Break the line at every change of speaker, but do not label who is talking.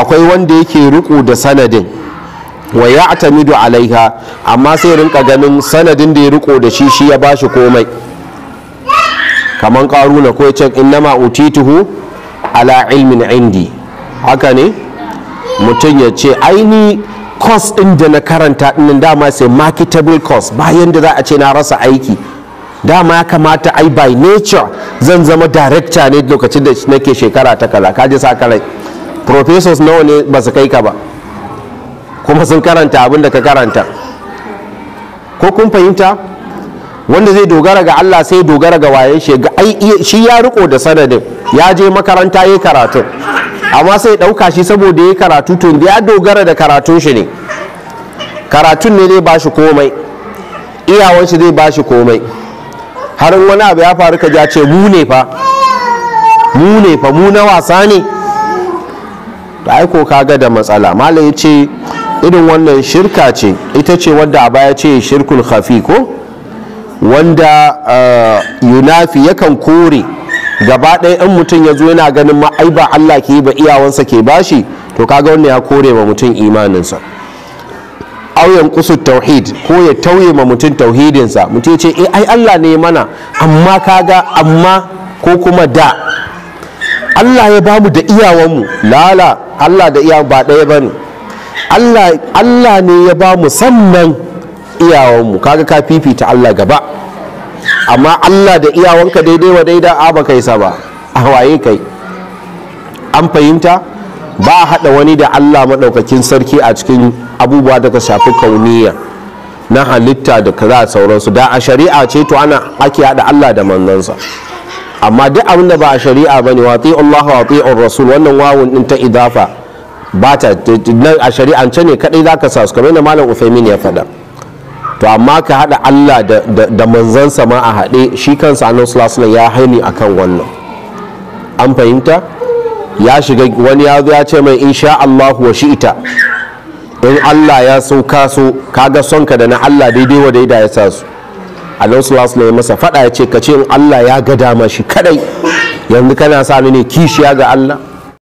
akwai wanda yake riko da sanadin wa ya tamidu alaiha amma sai rinka ganin sanadin da ya riko da shi shi ya bashi komai karu karuna ko can innama utituhu ala ilmin indi haka ne mutum ya ce aini course din da na karanta din dama sai marketable course bayan da za a ce na rasa aiki dama ya kamata ai by nature zan zama director ne lokacin da nake shekara ta kaza kaje sa professors nawa ne ba su kai ka ba kuma sun karanta abin da ka karanta ko kun fahimta wanda zai dogara ga Allah sai dogara ga waye shi shi ya riko da sanadin ya je makaranta ya karatu amma sai ɗauka shi saboda ya karatu to ya dogara da karatun shi ne karatun ne zai ba shi komai iyawan shi zai ba shi komai har wani abu ya faru ka ya ce mu ne fa mu ne fa mu na wasa ne da aiko kaga da matsala malam ce irin wannan shirka ce ita ce wadda a baya ce shirkul khafi ko wanda eh, yunafi yakan kore gaba ɗaya in mutum ya zo yana ganin ma ai ba Allah ke ba iyawansa ke bashi to kaga wannan ya kore ma mutum imaninsa auyan kusur tauhid ko ya tauye ma mutum tauhidinsa mutum ya ce eh, ai Allah ne mana amma kaga amma ko kuma da Allah ya bamu da iyawanmu lala Allah da iyawan ba ɗaya ba ne Allah ne ya bamu sannan iyawanmu kaga ka fifita Allah gaba amma Allah da iyawanka daidai wa daida a ba kai sa ba a waye kai an fahimta ba a haɗa wani da Allah maɗaukakin sarki a cikin abubuwa da ka shafi kauniya na halitta da kaza sauransu da a shari'a ce to ana ake haɗa Allah da manzansa amma duk abin da ba a shari'a bane wa ti Allah wa ti rasul wannan wawun din ta idafa ba ta a shari'ance ne kadai zaka sa su kamar yadda malam Uthaymin ya faɗa to amma ka haɗa Allah da manzansa ma a haɗe shi kansa annabi sallallahu ya haini akan wannan an fahimta ya shiga wani ya zo ya ce mai insha Allah wa ita in Allah ya sauka ka ga kaga son ka da na Allah daidai wa daidai ya sa su annabi na masa faɗa ya ce ka ce in Allah ya ga dama shi kadai yanzu kana sa ni ne kishiya ga Allah